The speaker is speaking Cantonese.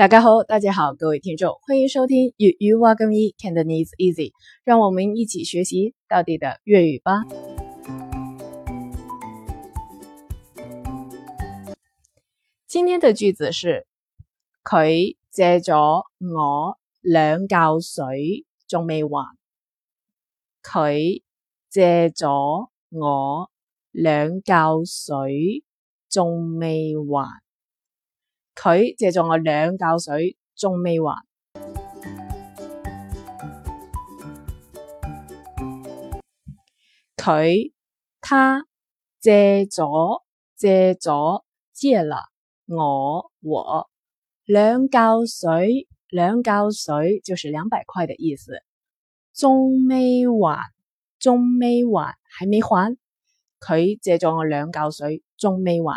大家好，大家好，各位聽眾，歡迎收聽粵語挖根易，Cantonese Easy，讓我們一起學習地道的粵語吧。今天的句子是：佢借咗我兩嚿水沒完，仲未還。佢借咗我兩嚿水沒完，仲未還。佢借咗我兩嚿水，仲未還。佢，他借咗，借咗，借了我，和兩嚿水，兩嚿水就是兩百塊的意思，仲未還，還，仲未還，還未還。佢借咗我兩嚿水，仲未還。